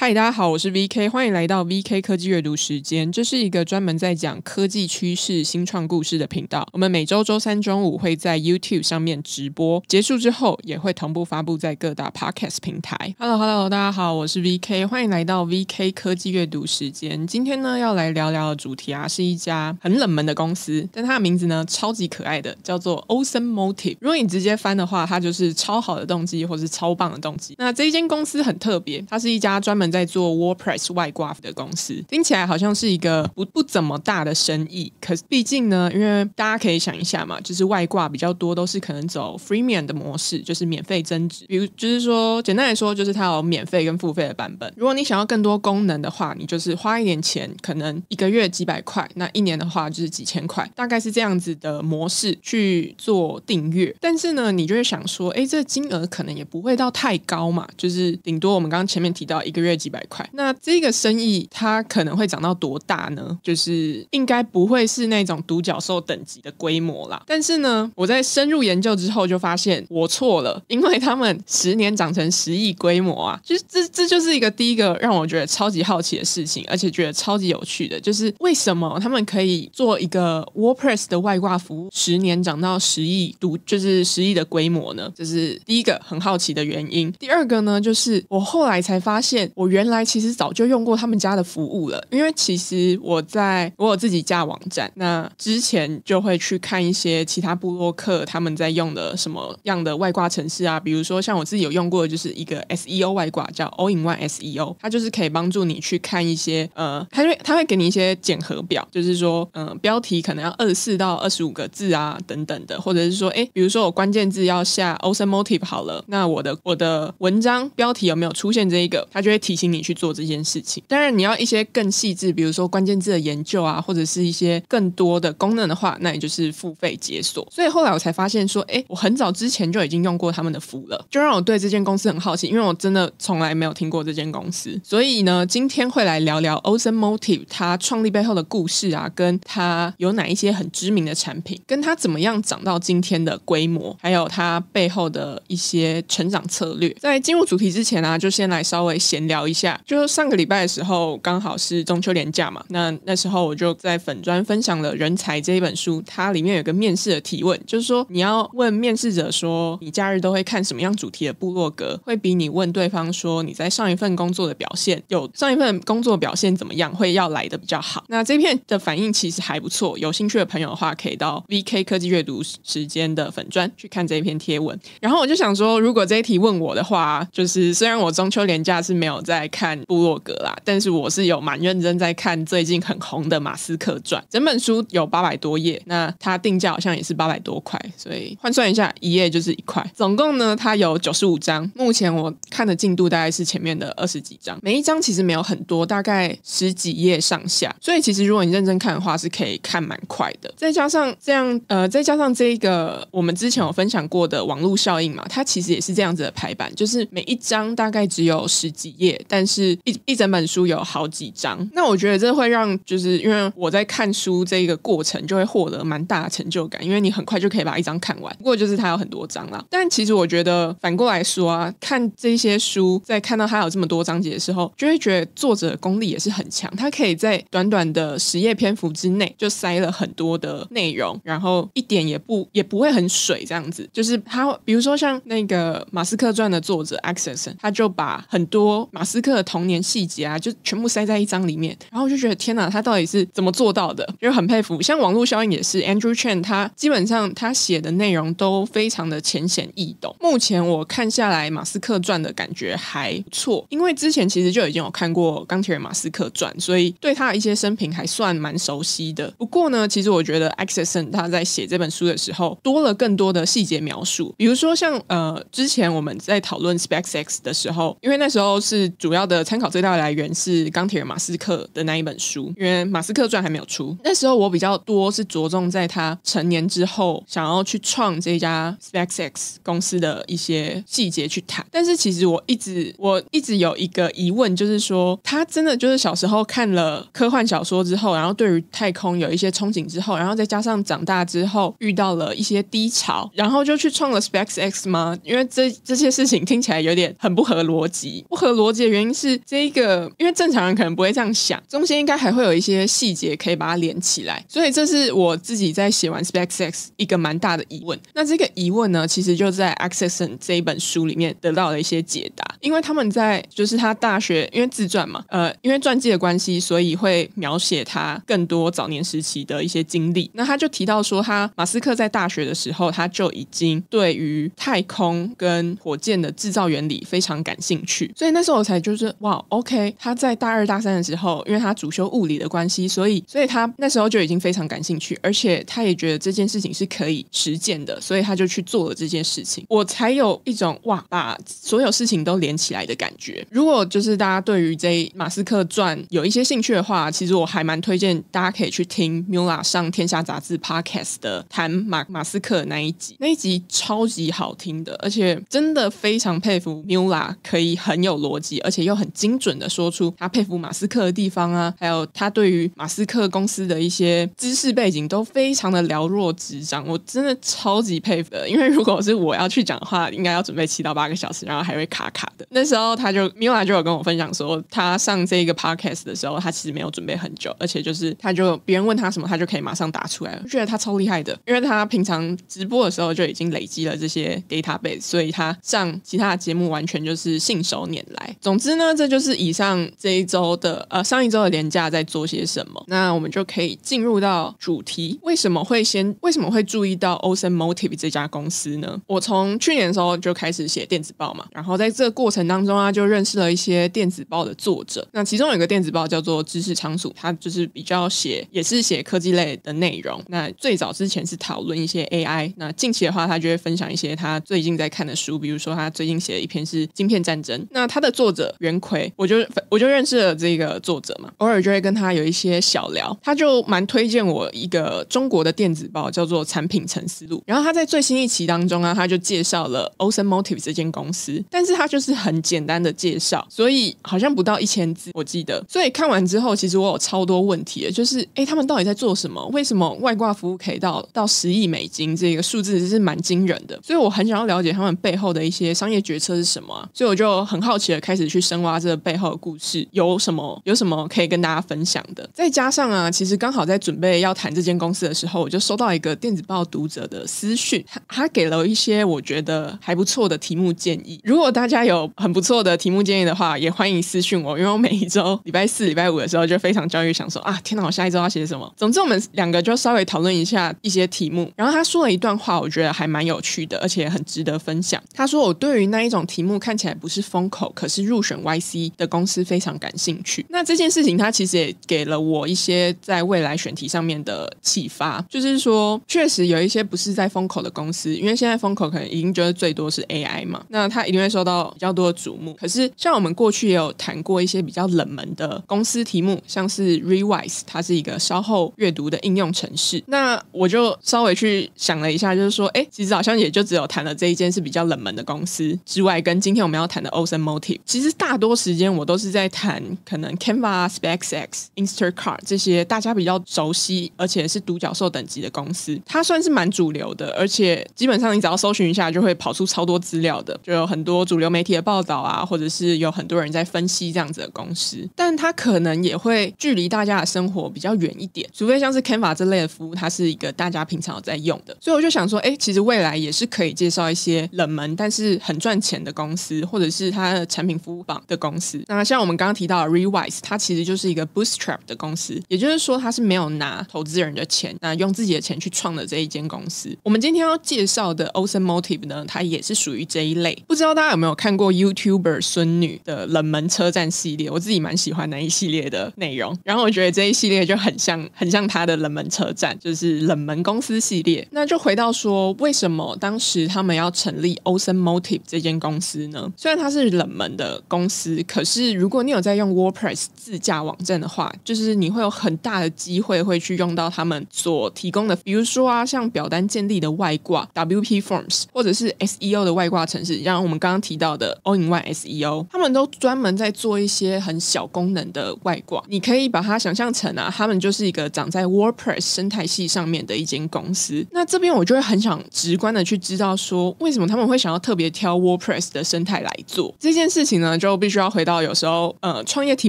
嗨，Hi, 大家好，我是 VK，歡迎來到 VK 科技閱讀時間。這是一個專門在講科技趨勢、新創故事的頻道。我們每周周三中午會在 YouTube 上面直播，結束之後也會同步發布在各大 Podcast 平台。Hello，Hello，hello, 大家好，我是 VK，歡迎來到 VK 科技閱讀時間。今天呢，要來聊聊的主題啊，是一家很冷門的公司，但它的名字呢，超級可愛的，叫做 Awesome Motive。如果你直接翻的話，它就是超好的動機，或是超棒的動機。那這一間公司很特別，它是一家專門在做 WordPress 外掛的公司，聽起來好像是一個不不怎麼大的生意。可是畢竟呢，因為大家可以想一下嘛，就是外掛比較多都是可能走 freemium 的模式，就是免費增值。比如就是說，簡單來說，就是它有免費跟付費的版本。如果你想要更多功能的話，你就是花一點錢，可能一個月幾百塊，那一年的話就是幾千塊，大概是這樣子的模式去做訂閱。但是呢，你就會想說，哎，這金額可能也不會到太高嘛，就是頂多我們剛剛前面提到一個月。幾百塊，那這個生意它可能會漲到多大呢？就是應該不會是那種獨角獸等級的規模啦。但是呢，我在深入研究之後就發現我錯了，因為他們十年長成十億規模啊！就是這這就是一個第一個讓我覺得超級好奇的事情，而且覺得超級有趣的，就是為什麼他們可以做一個 WordPress 的外掛服務，十年漲到十億獨，就是十億的規模呢？這是第一個很好奇的原因。第二個呢，就是我後來才發現我。原來其實早就用過他們家的服務了，因為其實我在我有自己架網站那之前，就會去看一些其他部落客他們在用的什麼樣的外掛程式啊，比如說像我自己有用過的就是一個 SEO 外掛叫 All in One SEO。它就是可以幫助你去看一些呃，它會它會給你一些檢核表，就是說嗯、呃、標題可能要二十四到二十五個字啊等等的，或者是說哎，比如說我關鍵字要下 Awesome Motive 好了，那我的我的文章標題有沒有出現這一個，它就會提。請你去做這件事情。當然，你要一些更細緻，比如說關鍵字的研究啊，或者是一些更多的功能的話，那也就是付費解鎖。所以後來我才發現說，誒，我很早之前就已經用過他們的服了，就讓我對這間公司很好奇，因為我真的從來沒有聽過這間公司。所以呢，今天會來聊聊 Awesome Motive 它創立背後的故事啊，跟它有哪一些很知名的產品，跟它怎麼樣長到今天的規模，還有它背後的一些成長策略。在進入主題之前啊，就先來稍微閒聊一下。一下，就是上個禮拜的時候，剛好是中秋連假嘛。那那時候我就在粉專分享了《人才》這一本書，它裡面有個面試的提問，就是說你要問面試者說你假日都會看什麼樣主題的部落格，會比你問對方說你在上一份工作的表現有上一份工作表現怎麼樣，會要來得比較好。那這篇的反應其實還不錯，有興趣的朋友的話，可以到 VK 科技閱讀時間的粉專去看這一篇貼文。然後我就想說，如果這一題問我的話，就是雖然我中秋連假是沒有在。來看部落格啦，但是我是有蠻認真在看最近很紅的馬斯克傳，整本書有八百多頁，那它定價好像也是八百多塊，所以換算一下，一頁就是一塊。總共呢，它有九十五章。目前我看的進度大概是前面的二十幾章，每一章其實沒有很多，大概十幾頁上下，所以其實如果你認真看的話，是可以看蠻快的。再加上這樣，呃，再加上這個我們之前有分享過的網絡效應嘛，它其實也是這樣子的排版，就是每一章大概只有十幾頁。但是一，一一整本書有好幾章，那我覺得這會讓就是因為我在看書這個過程就會獲得蠻大的成就感，因為你很快就可以把一章看完。不過就是它有很多章了，但其實我覺得反過來說啊，看這些書，在看到它有這麼多章節的時候，就會覺得作者功力也是很強，他可以在短短的十頁篇幅之內就塞了很多的內容，然後一點也不也不會很水這樣子。就是他比如說像那個馬斯克傳的作者 Isaacson，他就把很多馬。馬斯克的童年細節啊，就全部塞在一章裡面，然後就覺得天吶，他到底是怎麼做到的？就很佩服。像網絡效應也是，Andrew Chen 他基本上他寫的內容都非常的淺顯易懂。目前我看下來《馬斯克傳》的感覺還不錯，因為之前其實就已經有看過《鋼鐵人馬斯克傳》，所以對他的一些生平還算蠻熟悉的。不過呢，其實我覺得 Isaacson 他在寫這本書的時候多了更多的細節描述，比如說像呃之前我們在討論 SpaceX 的時候，因為那時候是。主要的參考最大的來源是《鋼鐵人》馬斯克的那一本書，因為《馬斯克傳》還沒有出。那時候我比較多是着重在他成年之後想要去創這家 SpaceX 公司的一些細節去談。但是其實我一直，我一直有一個疑問，就是說他真的就是小時候看了科幻小說之後，然後對於太空有一些憧憬之後，然後再加上長大之後遇到了一些低潮，然後就去創了 SpaceX 嗎？因為這這些事情聽起來有點很不合邏輯，不合邏輯。原因是這一個，因為正常人可能不會這樣想，中間應該還會有一些細節可以把它連起來，所以這是我自己在寫完《SpaceX》一個蠻大的疑問。那這個疑問呢，其實就在《Accession》這一本書裡面得到了一些解答。因為他們在就是他大學因為自傳嘛，呃，因為傳記的關係，所以會描寫他更多早年時期的一些經歷。那他就提到說，他馬斯克在大學的時候，他就已經對於太空跟火箭的製造原理非常感興趣，所以那時候我才。就是哇，OK，他在大二大三的時候，因為他主修物理的關係，所以，所以他那時候就已經非常感興趣，而且他也覺得這件事情是可以實踐的，所以他就去做了這件事情。我才有一種哇，把所有事情都連起來的感覺。如果就是大家對於這一馬斯克傳有一些興趣的話，其實我還蠻推薦大家可以去聽 Mula 上天下雜誌 Podcast 的談馬馬斯克的那一集，那一集超級好聽的，而且真的非常佩服 Mula 可以很有邏輯。而且又很精準的說出他佩服馬斯克的地方啊，還有他對於馬斯克公司的一些知識背景都非常的了若指掌，我真的超級佩服的。因為如果是我要去講的話，應該要準備七到八個小時，然後還會卡卡的。那時候他就米拉就有跟我分享說，他上這個 podcast 的時候，他其實沒有準備很久，而且就是他就別人問他什麼，他就可以馬上答出來了，我覺得他超厲害的，因為他平常直播的時候就已經累積了這些 data base，所以他上其他的節目完全就是信手拈來。總總之呢，這就是以上這一周的呃上一周的連假在做些什麼。那我們就可以進入到主題，為什麼會先為什麼會注意到 Awesome Motive 這家公司呢？我從去年的時候就開始寫電子報嘛，然後在這個過程當中啊，就認識了一些電子報的作者。那其中有一個電子報叫做知識倉鼠，他就是比較寫也是寫科技類的內容。那最早之前是討論一些 AI，那近期的話，他就會分享一些他最近在看的書，比如說他最近寫的一篇是《晶片戰爭》，那他的作者。袁奎，我就我就認識了這個作者嘛，偶爾就會跟他有一些小聊，他就蠻推薦我一個中國的電子報叫做《產品沉思錄》，然後他在最新一期當中啊，他就介紹了 Awesome Motive 這間公司，但是他就是很簡單的介紹，所以好像不到一千字，我記得，所以看完之後，其實我有超多問題，就是哎，他們到底在做什麼？為什麼外掛服務可以到到十億美金這個數字，是蠻驚人的，所以我很想要了解他們背後的一些商業決策是什麼，所以我就很好奇的開始去。深挖這個背後的故事，有什麼有什麼可以跟大家分享的？再加上啊，其實剛好在準備要談這間公司的時候，我就收到一個電子報讀者的私訊，他他給了一些我覺得還不錯的題目建議。如果大家有很不錯的題目建議的話，也歡迎私訊我，因為我每一周禮拜四、禮拜五的時候就非常焦慮，想說啊，天哪，我下一周要寫什麼？總之，我們兩個就稍微討論一下一些題目。然後他說了一段話，我覺得還蠻有趣的，而且很值得分享。他說：“我對於那一種題目看起來不是風口，可是入。”選 YC 的公司非常感興趣。那這件事情，它其實也給了我一些在未來選題上面的啟發，就是說，確實有一些不是在風口的公司，因為現在風口可能已經覺得最多是 AI 嘛，那它一定會受到比較多的矚目。可是，像我們過去也有談過一些比較冷門的公司題目，像是 Rewise，它是一個稍後閱讀的應用程式。那我就稍微去想了一下，就是說，哎，其實好像也就只有談了這一件是比較冷門的公司之外，跟今天我們要談的 Awesome Motive，其實。大多時間我都是在談可能 Canva、啊、SpaceX、Instacart 這些大家比較熟悉，而且是獨角獸等級的公司，它算是蠻主流的，而且基本上你只要搜尋一下，就會跑出超多資料的，就有很多主流媒體的報道啊，或者是有很多人在分析這樣子的公司。但它可能也會距離大家的生活比較遠一點，除非像是 Canva 這類的服務，它是一個大家平常有在用的，所以我就想說，哎，其實未來也是可以介紹一些冷門但是很賺錢的公司，或者是它的產品服務，的公司，那像我們剛剛提到的 Rewise，它其實就是一個 Bootstrap 的公司，也就是說它是沒有拿投資人的錢，那用自己的錢去創的這一間公司。我們今天要介紹的 Awesome Motive 呢，它也是屬於這一類。不知道大家有沒有看過 YouTuber 孫女的冷門車站系列，我自己蠻喜歡那一系列的內容，然後我覺得這一系列就很像，很像它的冷門車站，就是冷門公司系列。那就回到說，為什麼當時他們要成立 Awesome Motive 這間公司呢？雖然它是冷門的。公司，可是，如果你有在用 WordPress 自架網站的話，就是你會有很大的機會會去用到他們所提供的，比如說啊，像表單建立的外掛 WP Forms，或者是 SEO 的外掛程式，像我們剛剛提到的 All in One SEO，他們都專門在做一些很小功能的外掛。你可以把它想象成啊，他們就是一個長在 WordPress 生態系上面的一間公司。那這邊我就會很想直觀的去知道說，為什麼他們會想要特別挑 WordPress 的生態來做這件事情呢？就必須要回到有時候，呃，創業題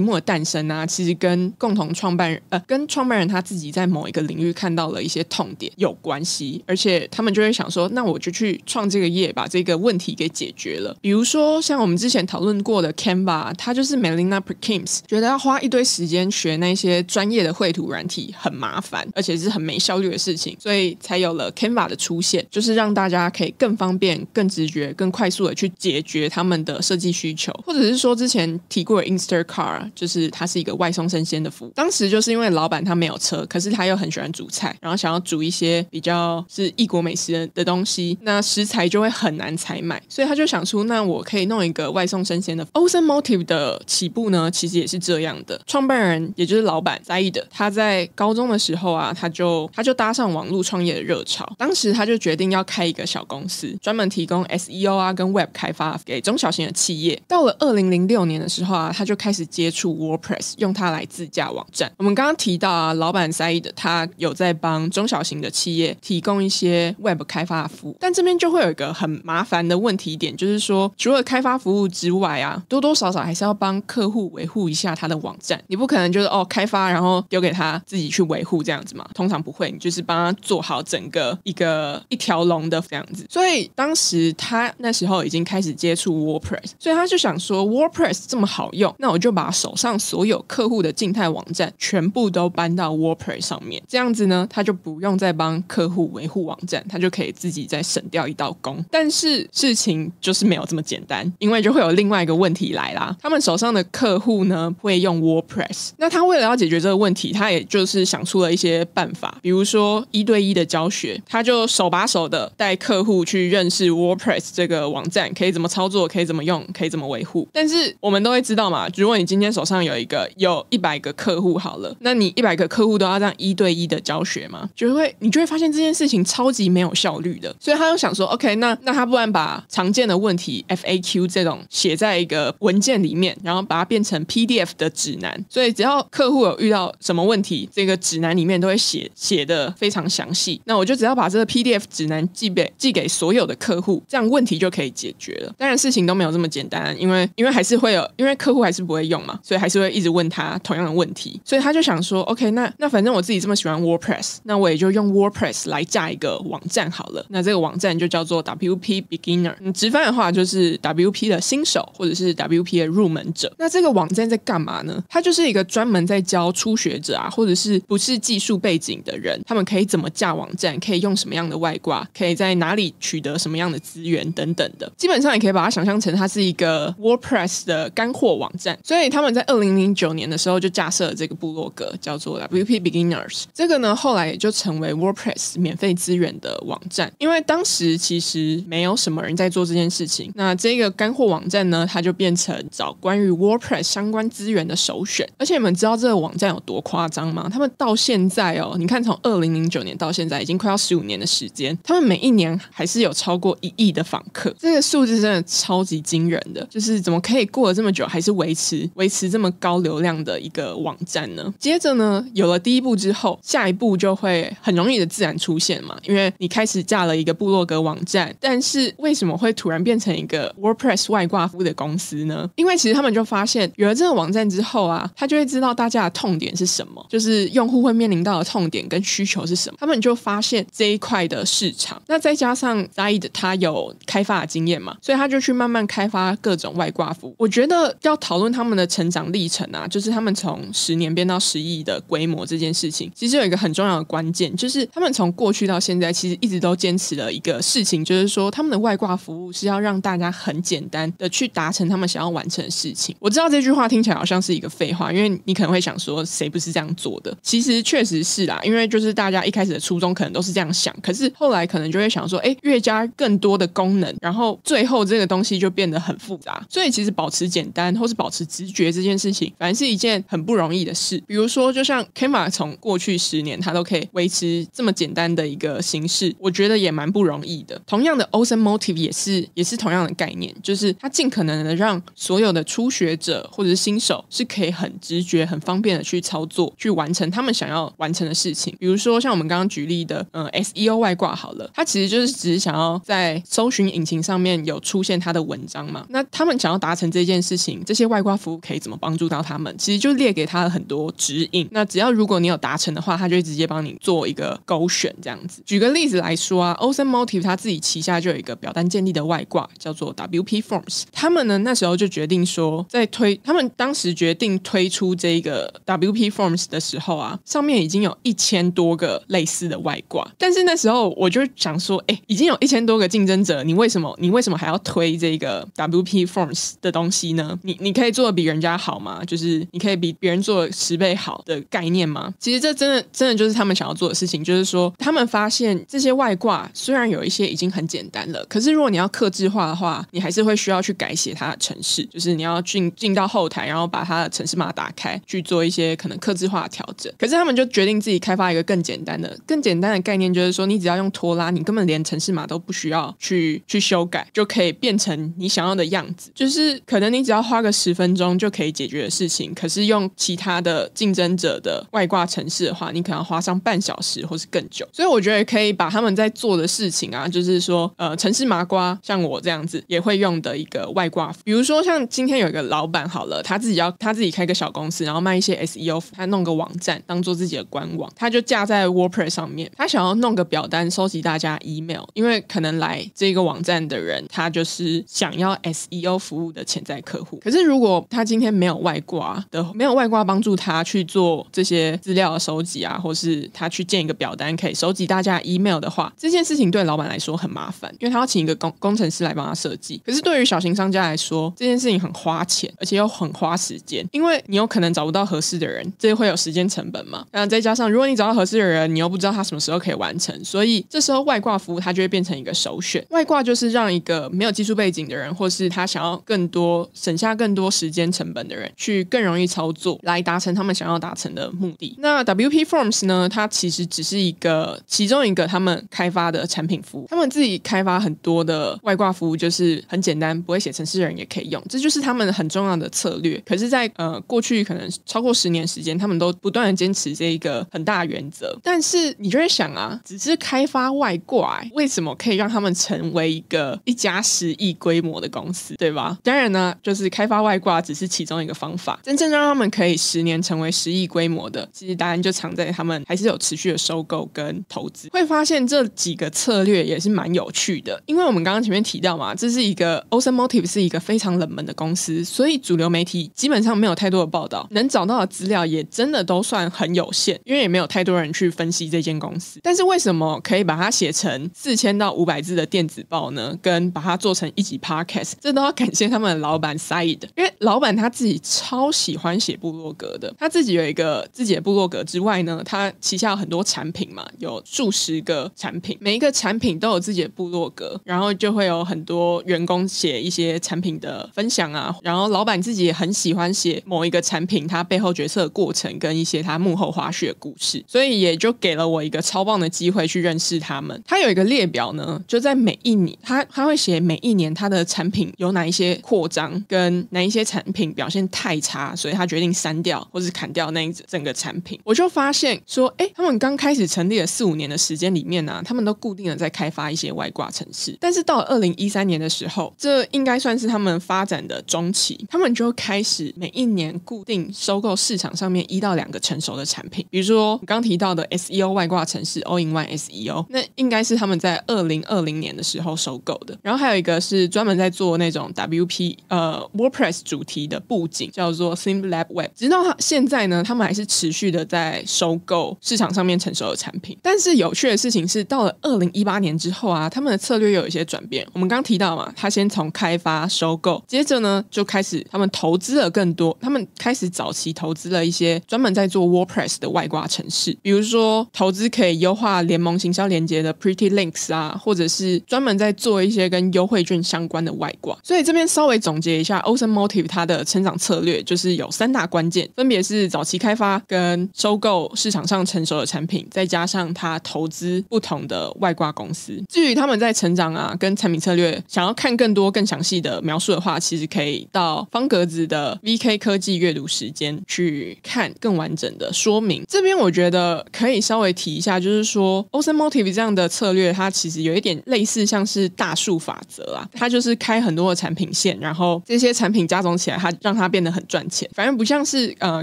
目的誕生啊，其實跟共同創辦人，呃，跟創辦人他自己在某一個領域看到了一些痛點有關係，而且他們就會想說，那我就去創這個業，把這個問題給解決了。比如說像我們之前討論過的 Canva，他就是 Melina Perkins 覺得要花一堆時間學那些專業的繪圖軟體很麻煩，而且是很沒效率的事情，所以才有了 Canva 的出現，就是讓大家可以更方便、更直覺、更快速的去解決他們的設計需求，或者。只是說之前提過的 Instacart 就是他是一個外送生鮮的服務。當時就是因為老板他沒有車，可是他又很喜歡煮菜，然後想要煮一些比較是異國美食的東西，那食材就會很難採買，所以他就想出那我可以弄一個外送生鮮的服務。Awesome Motive 的起步呢，其實也是這樣的。創辦人也就是老板在意的，de, 他在高中的時候啊，他就他就搭上網絡創業的熱潮，當時他就決定要開一個小公司，專門提供 SEO 啊跟 Web 開發給中小型的企業。到了二。二零零六年的時候啊，他就開始接觸 WordPress，用它來自駕網站。我們剛剛提到啊，老板塞伊德，他有在幫中小型的企業提供一些 Web 開發服務，但這邊就會有一個很麻煩的問題點，就是說除了開發服務之外啊，多多少少還是要幫客戶維護一下他的網站。你不可能就是哦開發，然後丟給他自己去維護這樣子嘛。通常不會，你就是幫他做好整個一個一條龍的這樣子。所以當時他那時候已經開始接觸 WordPress，所以他就想說。WordPress 這麼好用，那我就把手上所有客戶的靜態網站全部都搬到 WordPress 上面，這樣子呢，他就不用再幫客戶維護網站，他就可以自己再省掉一道工。但是事情就是沒有這麼簡單，因為就會有另外一個問題來啦。他們手上的客戶呢會用 WordPress，那他為了要解決這個問題，他也就是想出了一些辦法，比如說一對一的教學，他就手把手的帶客戶去認識 WordPress 這個網站，可以怎麼操作，可以怎麼用，可以怎麼維護。但是我們都會知道嘛，如果你今天手上有一個有一百個客戶好了，那你一百個客戶都要這樣一對一的教學嘛，就會你就會發現這件事情超級沒有效率的。所以他就想說，OK，那那他不然把常見的問題 FAQ 這種寫在一個文件裡面，然後把它變成 PDF 的指南。所以只要客戶有遇到什麼問題，這個指南裡面都會寫寫得非常詳細。那我就只要把這個 PDF 指南寄，寄給寄給所有的客戶，這樣問題就可以解決了。當然事情都沒有這麼簡單，因為因為還是會有，因為客戶還是不會用嘛，所以還是會一直問他同樣的問題，所以他就想說，OK，那那反正我自己這麼喜歡 WordPress，那我也就用 WordPress 來架一個網站好了。那這個網站就叫做 WP Beginner，直翻的話就是 WP 的新手或者是 WP 的入門者。那這個網站在幹嘛呢？它就是一個專門在教初學者啊，或者是不是技術背景的人，他們可以怎麼架網站，可以用什麼樣的外掛，可以在哪裡取得什麼樣的資源等等的。基本上你可以把它想象成它是一個 WordPress。WordPress 的乾貨網站，所以他們在二零零九年的時候就架設了這個部落格，叫做 WP Beginners。這個呢，後來也就成為 WordPress 免費資源的網站。因為當時其實沒有什麼人在做這件事情，那這個乾貨網站呢，它就變成找關於 WordPress 相關資源的首選。而且你們知道這個網站有多誇張嗎？他們到現在哦，你看從二零零九年到現在，已經快要十五年的時間，他們每一年還是有超過一億的訪客。這個數字真的超級驚人的，就是，怎麼可以過了這麼久還是維持維持這麼高流量的一個網站呢？接着呢，有了第一步之後，下一步就會很容易的自然出現嘛。因為你開始架了一個部落格網站，但是為什麼會突然變成一個 WordPress 外掛服務的公司呢？因為其實他們就發現有了這個網站之後啊，他就會知道大家的痛點是什麼，就是用戶會面臨到的痛點跟需求是什麼。他們就發現這一塊的市場，那再加上 Zaid 他有開發的經驗嘛，所以他就去慢慢開發各種外掛。掛服，我覺得要討論他們的成長歷程啊，就是他們從十年變到十億的規模這件事情，其實有一個很重要的關鍵，就是他們從過去到現在，其實一直都堅持了一個事情，就是說他們的外掛服務是要讓大家很簡單的去達成他們想要完成的事情。我知道這句話聽起來好像是一個廢話，因為你可能會想說，誰不是這樣做的？其實確實是啦，因為就是大家一開始的初衷可能都是這樣想，可是後來可能就會想說，哎，越加更多的功能，然後最後這個東西就變得很複雜，所以。其實保持簡單或是保持直覺這件事情，反正是一件很不容易的事。比如說，就像 Canva 從過去十年，他都可以維持這麼簡單的一個形式，我覺得也蠻不容易的。同樣的 Awesome Motive 也是，也是同樣的概念，就是他盡可能的讓所有的初學者或者是新手是可以很直覺、很方便的去操作、去完成他們想要完成的事情。比如說，像我們剛剛舉例的，嗯、呃，SEO 外掛好了，他其實就是只是想要在搜尋引擎上面有出現他的文章嘛。那他們想要達成這件事情，這些外掛服務可以怎麼幫助到他們？其實就列給他了很多指引。那只要如果你有達成的話，他就會直接幫你做一個勾選這樣子。舉個例子來說啊，Awesome Motive 他自己旗下就有一個表單建立的外掛，叫做 WP Forms。他們呢那時候就決定說，在推他們當時決定推出這個 WP Forms 的時候啊，上面已經有一千多個類似的外掛。但是那時候我就想說，哎，已經有一千多個競爭者，你為什麼你為什麼還要推這個 WP Forms？的東西呢？你你可以做的比人家好嗎？就是你可以比別人做十倍好的概念嗎？其實這真的真的就是他們想要做的事情。就是說，他們發現這些外掛雖然有一些已經很簡單了，可是如果你要客製化的話，你還是會需要去改寫它的程式。就是你要進進到後台，然後把它的程式碼打開去做一些可能客製化的調整。可是他們就決定自己開發一個更簡單的、更簡單的概念，就是說，你只要用拖拉，你根本連程式碼都不需要去去修改，就可以變成你想要的樣子。就是。是可能你只要花個十分鐘就可以解決的事情，可是用其他的競爭者的外掛程式的話，你可能要花上半小時或是更久。所以我覺得可以把他們在做的事情啊，就是說呃，程式麻瓜像我這樣子也會用的一個外掛，比如說像今天有一個老闆好了，他自己要他自己開個小公司，然後賣一些 SEO，他弄個網站當做自己的官網，他就架在 WordPress 上面，他想要弄個表單收集大家 email，因為可能來這個網站的人，他就是想要 SEO 服務的潛在客戶，可是如果他今天沒有外掛的，沒有外掛幫助他去做這些資料的收集啊，或是他去建一個表單，可以收集大家的 email 的話，這件事情對老闆來說很麻煩，因為他要請一個工工程師來幫他設計。可是對於小型商家來說，這件事情很花錢，而且又很花時間，因為你有可能找不到合適的人，這會有時間成本嘛。那再加上，如果你找到合適的人，你又不知道他什麼時候可以完成，所以這時候外掛服務它就會變成一個首選。外掛就是讓一個沒有技術背景的人，或是他想要。更多省下更多時間成本的人，去更容易操作，來達成他們想要達成的目的。那 WP Forms 呢？它其實只是一個其中一個他們開發的產品服務。他們自己開發很多的外掛服務，就是很簡單，不會寫程式的人也可以用。這就是他們很重要的策略。可是在，在呃過去可能超過十年時間，他們都不斷的堅持這一個很大的原則。但是你就會想啊，只是開發外掛、欸，為什麼可以讓他們成為一個一家十億規模的公司，對吧？當然呢，就是開發外掛只是其中一個方法。真正讓他們可以十年成為十億規模的，其實答案就藏在他們還是有持續的收購跟投資。會發現這幾個策略也是蠻有趣的，因為我們剛剛前面提到嘛，這是一個 Awesome Motive 是一個非常冷門的公司，所以主流媒體基本上沒有太多的報道，能找到的資料也真的都算很有限，因為也沒有太多人去分析這間公司。但是為什麼可以把它寫成四千到五百字的電子報呢？跟把它做成一集 Podcast，這都要感謝。他們的老板 Syed，因為老板他自己超喜歡寫部落格的，他自己有一個自己的部落格之外呢，他旗下有很多產品嘛，有數十個產品，每一個產品都有自己的部落格，然後就會有很多員工寫一些產品的分享啊，然後老板自己也很喜歡寫某一個產品他背後決策的過程跟一些他幕後花絮的故事，所以也就給了我一個超棒的機會去認識他們。他有一個列表呢，就在每一年，他他會寫每一年他的產品有哪一些。擴張跟哪一些產品表現太差，所以他決定刪掉或是砍掉那一整個產品。我就發現說，哎，他們剛開始成立了四五年的時間裡面呢、啊，他們都固定的在開發一些外掛程式。但是到二零一三年的時候，這應該算是他們發展的中期，他們就開始每一年固定收購市場上面一到兩個成熟的產品。比如說我剛提到的 SEO 外掛程式 All in One SEO，那應該是他們在二零二零年的時候收購的。然後還有一個是專門在做那種 W、P P 呃，WordPress 主題的布景叫做 ThemeLab Web。直到他現在呢，他們還是持續的在收購市場上面成熟的產品。但是有趣的事情是，到了二零一八年之後啊，他們的策略又有一些轉變。我們剛提到嘛，他先從開發收購，接着呢，就開始他們投資了更多。他們開始早期投資了一些專門在做 WordPress 的外掛程式，比如說投資可以優化聯盟行銷連結的 Pretty Links 啊，或者是專門在做一些跟優惠券相關的外掛。所以這邊。稍微總結一下，Awesome Motive 它的成長策略就是有三大關鍵，分別是早期開發跟收購市場上成熟的產品，再加上它投資不同的外掛公司。至於他們在成長啊跟產品策略，想要看更多更詳細的描述的話，其實可以到方格子的 VK 科技閱讀時間去看更完整的說明。這邊我覺得可以稍微提一下，就是說 Awesome Motive 這樣的策略，它其實有一點類似像是大數法則啊，它就是開很多的產品線。然後這些產品加總起來，它讓它變得很賺錢。反正不像是呃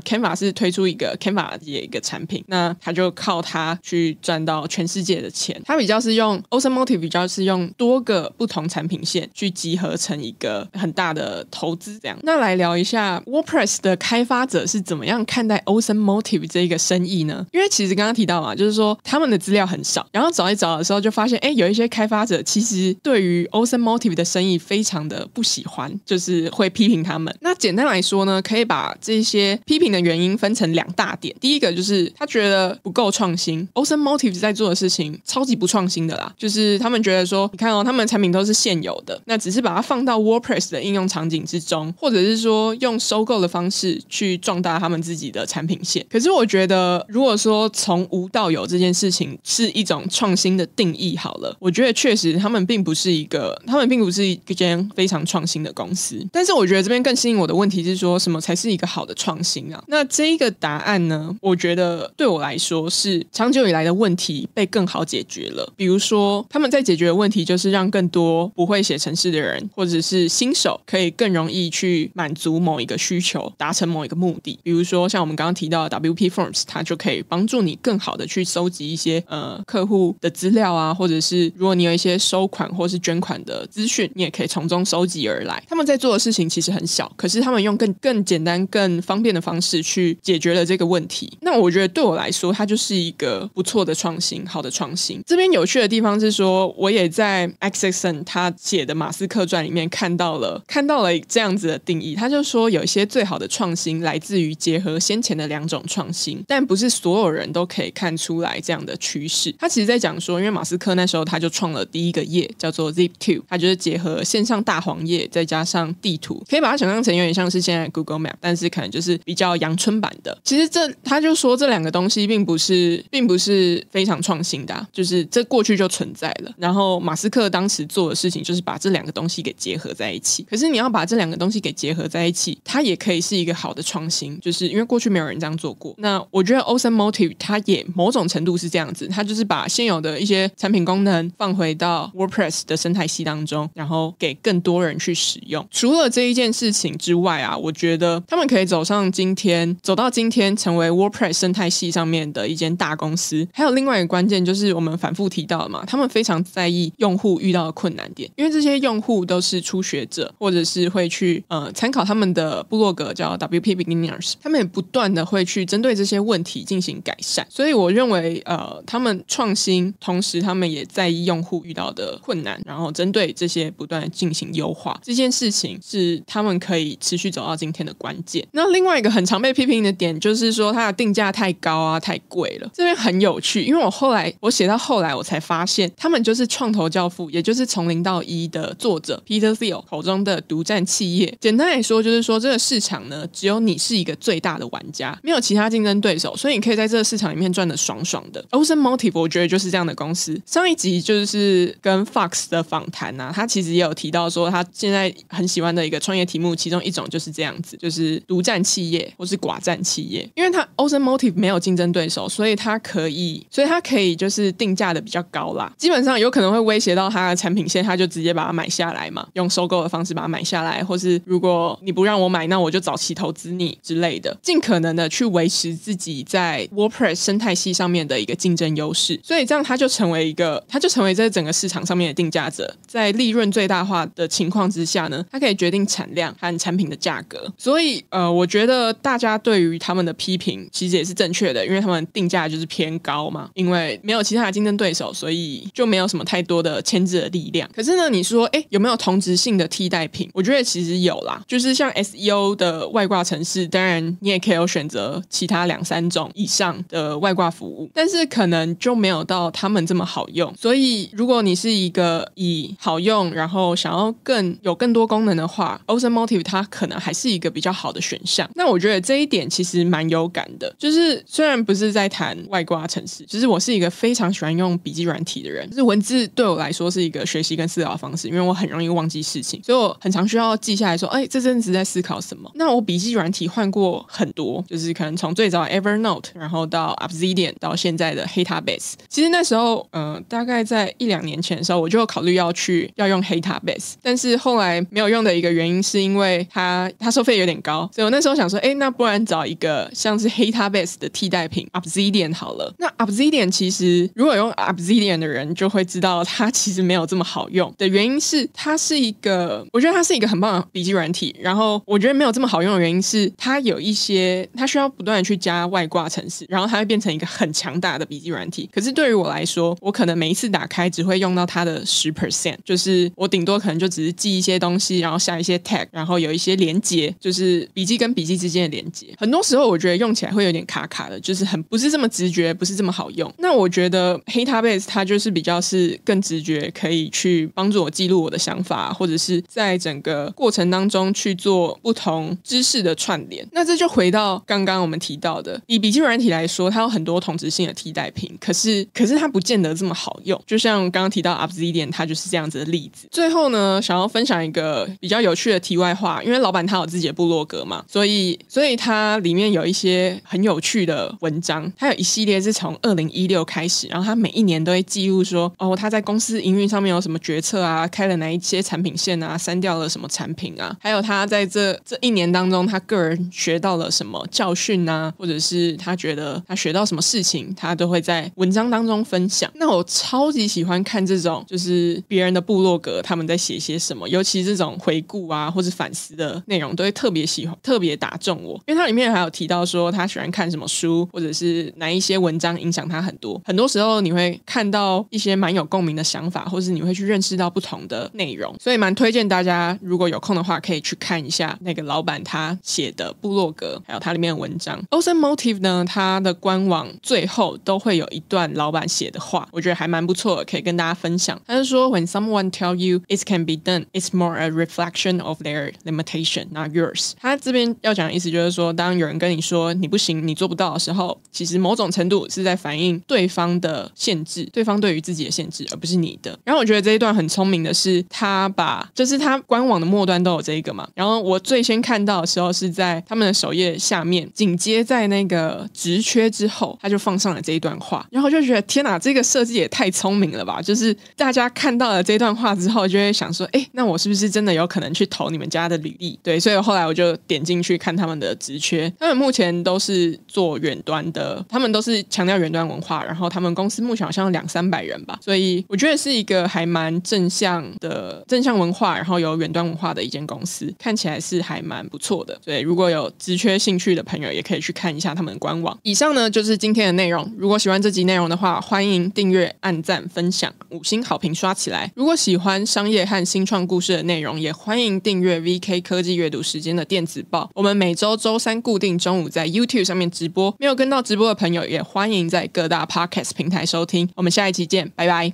，Canva 是推出一個 Canva 的一個產品，那它就靠它去賺到全世界的錢。它比較是用 Awesome Motive，比較是用多個不同產品線去集合成一個很大的投資。這樣，那來聊一下 WordPress 的開發者是怎麼樣看待 Awesome Motive 這一個生意呢？因為其實剛剛提到嘛，就是說他們的資料很少，然後找一找的時候就發現，哎，有一些開發者其實對於 Awesome Motive 的生意非常的不喜歡。就是會批評他們。那簡單來說呢，可以把這些批評的原因分成兩大點。第一個就是他覺得不夠創新。Awesome Motives 在做的事情超級不創新的啦，就是他們覺得說，你看哦，他們產品都是現有的，那只是把它放到 WordPress 的應用場景之中，或者是說用收購的方式去壯大他們自己的產品線。可是我覺得，如果說從無到有這件事情是一種創新的定義好了，我覺得確實他們並不是一個，他們並不是一件非常創新的。新的公司，但是我覺得這邊更吸引我的問題是說，什麼才是一個好的創新啊？那這一個答案呢，我覺得對我來說是長久以來的問題被更好解決了。比如說，他們在解決的問題就是讓更多不會寫程式的人或者是新手可以更容易去滿足某一個需求，達成某一個目的。比如說，像我們剛剛提到 WP Forms，它就可以幫助你更好的去收集一些呃客戶的資料啊，或者是如果你有一些收款或是捐款的資訊，你也可以從中收集而已。來，他們在做的事情其實很小，可是他們用更更簡單、更方便的方式去解決了這個問題。那我覺得對我來說，它就是一個不錯的創新，好的創新。這邊有趣的地方是說，我也在 Isaacson 他寫的馬斯克傳裡面看到了，看到了這樣子的定義。他就說，有一些最好的創新來自於結合先前的兩種創新，但不是所有人都可以看出來這樣的趨勢。他其實，在講說，因為馬斯克那時候他就創了第一個業，叫做 Zip2，他就是結合線上大黃頁。再加上地圖，可以把它想象成有點像是現在 Google Map，但是可能就是比較陽春版的。其實這他就說這兩個東西並不是，並不是非常創新的，啊，就是這過去就存在了。然後馬斯克當時做的事情就是把這兩個東西給結合在一起。可是你要把這兩個東西給結合在一起，它也可以是一個好的創新，就是因為過去沒有人這樣做過。那我覺得 Awesome Motive 它也某種程度是這樣子，它就是把現有的一些產品功能放回到 WordPress 的生態系當中，然後給更多人去使使用，除了這一件事情之外啊，我覺得他們可以走上今天，走到今天成為 WordPress 生態系上面的一間大公司。還有另外一個關鍵就是我們反復提到的嘛，他們非常在意用戶遇到的困難點，因為這些用戶都是初學者，或者是會去呃參考他們的部落格叫 WP Beginners，他們也不斷的會去針對這些問題進行改善。所以我認為呃，他們創新，同時他們也在意用戶遇到的困難，然後針對這些不斷進行優化。一件事情是他們可以持續走到今天的關鍵。那另外一個很常被批評的點就是說它的定價太高啊，太貴了。這邊很有趣，因為我後來我寫到後來，我才發現他們就是創投教父，也就是從零到一的作者 Peter Thiel 口中的獨佔企業。簡單來說，就是說這個市場呢，只有你是一個最大的玩家，沒有其他競爭對手，所以你可以在這個市場裡面賺得爽爽的。Awesome Motive 我覺得就是這樣的公司。上一集就是跟 Fox 的訪談啊，他其實也有提到說他現在。很喜歡的一個創業題目，其中一種就是這樣子，就是獨佔企業或是寡佔企業，因為它 Awesome Motive 沒有競爭對手，所以它可以，所以它可以就是定價的比較高啦。基本上有可能會威脅到它的產品線，它就直接把它買下來嘛，用收購的方式把它買下來，或是如果你不讓我買，那我就早期投資你之類的，盡可能的去維持自己在 WordPress 生態系上面的一個競爭優勢。所以這樣它就成為一個，它就成為這整個市場上面的定價者，在利潤最大化的情況之下，價呢？它可以決定產量和產品的價格，所以呃，我覺得大家對於他們的批評其實也是正確的，因為他們定價就是偏高嘛，因為沒有其他的競爭對手，所以就沒有什麼太多的牽制的力量。可是呢，你說哎、欸，有沒有同質性的替代品？我覺得其實有啦，就是像 SEO 的外掛程式，當然你也可以有選擇其他兩三種以上的外掛服務，但是可能就沒有到他們這麼好用。所以如果你是一個以好用，然後想要更有更更多功能的話，Awesome Motive 它可能還是一個比較好的選項。那我覺得這一點其實蠻有感的，就是雖然不是在談外掛程式，其、就、實、是、我是一個非常喜歡用筆記軟體的人。就是文字對我來說是一個學習跟思考的方式，因為我很容易忘記事情，所以我很常需要記下來說，哎、欸，這陣子在思考什麼。那我筆記軟體換過很多，就是可能從最早 Evernote，然後到 Obsidian，到現在的 Heptabase。其實那時候，嗯、呃，大概在一兩年前的時候，我就有考慮要去要用 Heptabase，但是後來，沒有用的一個原因是因為它它收費有點高，所以我那時候想說，哎，那不然找一個像是 Heptabase 的替代品 Obsidian 好了。那 Obsidian 其實如果用 Obsidian 的人就會知道，它其實沒有這麼好用的原因是，它是一個我覺得它是一個很棒的筆記軟體，然後我覺得沒有這麼好用的原因是，它有一些，它需要不斷的去加外掛程式，然後它會變成一個很強大的筆記軟體。可是對於我來說，我可能每一次打開只會用到它的十 percent，就是我頂多可能就只是記一些。東西，然後下一些 tag，然後有一些連接，就是筆記跟筆記之間的連接。很多時候我覺得用起來會有點卡卡的，就是很不是這麼直覺，不是這麼好用。那我覺得 Heptabase 它就是比較是更直覺，可以去幫助我記錄我的想法，或者是在整個過程當中去做不同知識的串聯。那這就回到剛剛我們提到的，以筆記軟體來說，它有很多同質性的替代品，可是可是它不見得這麼好用。就像剛剛提到 Obsidian 它就是這樣子的例子。最後呢，想要分享。一個比較有趣的題外話，因為老闆他有自己的部落格嘛，所以所以他裡面有一些很有趣的文章，他有一系列是從二零一六開始，然後他每一年都會記錄說，哦，他在公司營運上面有什麼決策啊，開了哪一些產品線啊，刪掉了什麼產品啊，還有他在這這一年當中，他個人學到了什麼教訓啊，或者是他覺得他學到什麼事情，他都會在文章當中分享。那我超級喜歡看這種，就是別人的部落格，他們在寫些什麼，尤其。這種回顧啊，或者反思的內容，都會特別喜歡，特別打中我。因為它裡面還有提到說他喜歡看什麼書，或者是哪一些文章影響他很多。很多時候你會看到一些蠻有共鳴的想法，或者是你會去認識到不同的內容，所以蠻推薦大家如果有空的話，可以去看一下那個老闆他寫的部落格，還有他裡面的文章。Awesome Motive 呢，它的官網最後都會有一段老闆寫的話，我覺得還蠻不錯，可以跟大家分享。他就說：When someone tell you it can be done, it's more A reflection of their limitation, not yours. 他這邊要講的意思就是說，當有人跟你說你不行、你做不到的時候，其實某種程度是在反映對方的限制，對方對於自己的限制，而不是你的。然後我覺得這一段很聰明的是，他把就是他官網的末端都有這一個嘛。然後我最先看到的時候是在他們的首頁下面，緊接在那個職缺之後，他就放上了這一段話，然後就覺得天哪，這個設計也太聰明了吧！就是大家看到了這一段話之後，就會想說，哎，那我是不是？就是真的有可能去投你們家的履歷，對，所以後來我就點進去看他們的職缺。他們目前都是做遠端的，他們都是強調遠端文化，然後他們公司目前好像有兩三百人吧，所以我覺得是一個還蠻正向的正向文化，然後有遠端文化的一間公司，看起來是還蠻不錯的。對，如果有職缺興趣的朋友，也可以去看一下他們的官網。以上呢就是今天的內容。如果喜歡這集內容的話，歡迎訂閱、按讚、分享、五星好評刷起來。如果喜歡商業和新創故事的，內容也歡迎訂閱 VK 科技閱讀時間的電子報。我們每周周三固定中午在 YouTube 上面直播，沒有跟到直播的朋友也歡迎在各大 Podcast 平台收聽。我們下一期見，拜拜。